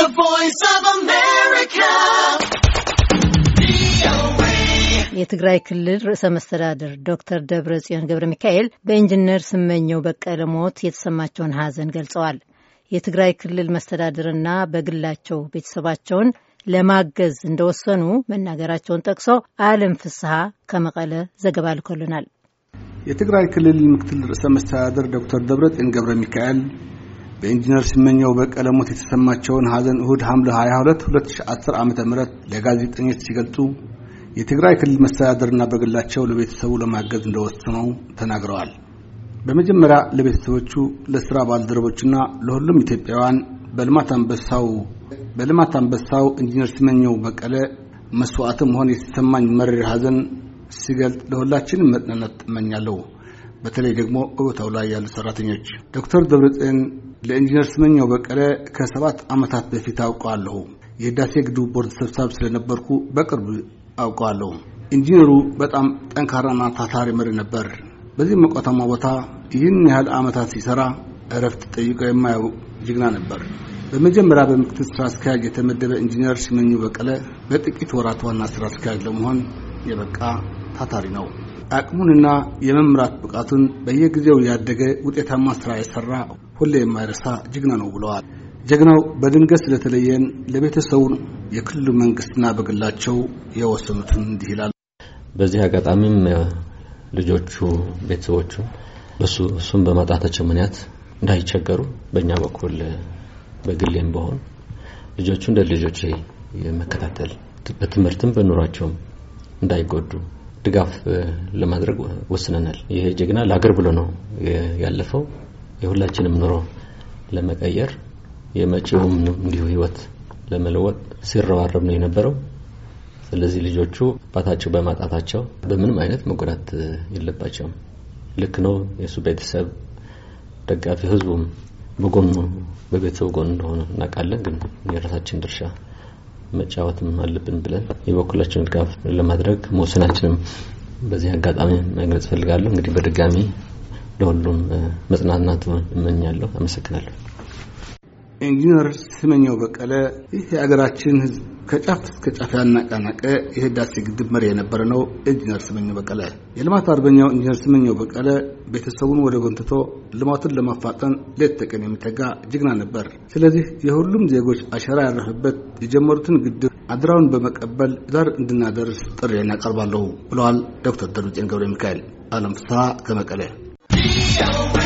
The Voice of America. የትግራይ ክልል ርዕሰ መስተዳድር ዶክተር ደብረ ጽዮን ገብረ ሚካኤል በኢንጂነር ስመኘው በቀለ ሞት የተሰማቸውን ሐዘን ገልጸዋል። የትግራይ ክልል መስተዳድርና በግላቸው ቤተሰባቸውን ለማገዝ እንደወሰኑ መናገራቸውን ጠቅሶ አለም ፍስሐ ከመቀለ ዘገባ ልኮልናል። የትግራይ ክልል ምክትል ርዕሰ መስተዳድር ዶክተር ደብረ ጽዮን ገብረ ሚካኤል በኢንጂነር ስመኘው በቀለ ሞት የተሰማቸውን ሀዘን እሁድ ሐምሌ 22 2010 ዓ.ም ለጋዜጠኞች ሲገልጹ የትግራይ ክልል መስተዳደርና በግላቸው ለቤተሰቡ ለማገዝ እንደወሰነው ተናግረዋል። በመጀመሪያ ለቤተሰቦቹ፣ ለስራ ባልደረቦችና ለሁሉም ኢትዮጵያውያን በልማት አንበሳው በልማት አንበሳው ኢንጂነር ስመኘው በቀለ መስዋዕትም ሆን የተሰማኝ መሪር ሀዘን ሲገልጽ ለሁላችንም መጽናናት እመኛለሁ። በተለይ ደግሞ በቦታው ላይ ያሉ ሰራተኞች ዶክተር ደብረጽዮን ለኢንጂነር ስመኛው በቀለ ከሰባት ዓመታት በፊት አውቀዋለሁ። የህዳሴ ግድቡ ቦርድ ሰብሳቢ ስለነበርኩ በቅርብ አውቀዋለሁ። ኢንጂነሩ በጣም ጠንካራና ታታሪ መሪ ነበር። በዚህ ሞቃታማ ቦታ ይህን ያህል ዓመታት ሲሰራ እረፍት ጠይቆ የማያውቅ ጀግና ነበር። በመጀመሪያ በምክትል ስራ አስኪያጅ የተመደበ ኢንጂነር ስመኘው በቀለ በጥቂት ወራት ዋና ስራ አስኪያጅ ለመሆን የበቃ ታታሪ ነው። አቅሙንና የመምራት ብቃቱን በየጊዜው ያደገ ውጤታማ ስራ የሰራ ሁሌ የማይረሳ ጀግና ነው ብለዋል። ጀግናው በድንገት ስለተለየን ለቤተሰቡን የክልሉ መንግስትና በግላቸው የወሰኑትን እንዲህ ይላል። በዚህ አጋጣሚም ልጆቹ ቤተሰቦቹ እሱም በማጣታቸው ምክንያት እንዳይቸገሩ በእኛ በኩል በግሌም በሆን ልጆቹ እንደ ልጆች የመከታተል በትምህርትም በኑሯቸውም እንዳይጎዱ ድጋፍ ለማድረግ ወስነናል። ይሄ ጀግና ለአገር ብሎ ነው ያለፈው። የሁላችንም ኑሮ ለመቀየር የመጪውም እንዲሁ ህይወት ለመለወጥ ሲረባረብ ነው የነበረው። ስለዚህ ልጆቹ አባታቸው በማጣታቸው በምንም አይነት መጎዳት የለባቸውም። ልክ ነው። የእሱ ቤተሰብ ደጋፊ፣ ህዝቡም በጎኑ በቤተሰቡ ጎን እንደሆነ እናውቃለን። ግን የራሳችን ድርሻ መጫወትም አለብን ብለን የበኩላችንን ድጋፍ ለማድረግ መወሰናችንም በዚህ አጋጣሚ መግለጽ ፈልጋለሁ። እንግዲህ በድጋሚ ለሁሉም መጽናናት እመኛለሁ። አመሰግናለሁ። ኢንጂነር ስመኘው በቀለ ይህ የሀገራችን ሕዝብ ከጫፍ እስከ ጫፍ ያናቃናቀ የህዳሴ ግድብ መሪ የነበረ ነው። ኢንጂነር ስመኘው በቀለ የልማት አርበኛው ኢንጂነር ስመኘው በቀለ ቤተሰቡን ወደ ጎን ትቶ ልማቱን ለማፋጠን ሌት ተቀን የሚተጋ ጀግና ነበር። ስለዚህ የሁሉም ዜጎች አሻራ ያረፈበት የጀመሩትን ግድብ አድራውን በመቀበል ዳር እንድናደርስ ጥሪ እናቀርባለሁ ብለዋል ዶክተር ደሩጤን ገብረ ሚካኤል። አለም ፍስሐ ከመቀለ G-O-D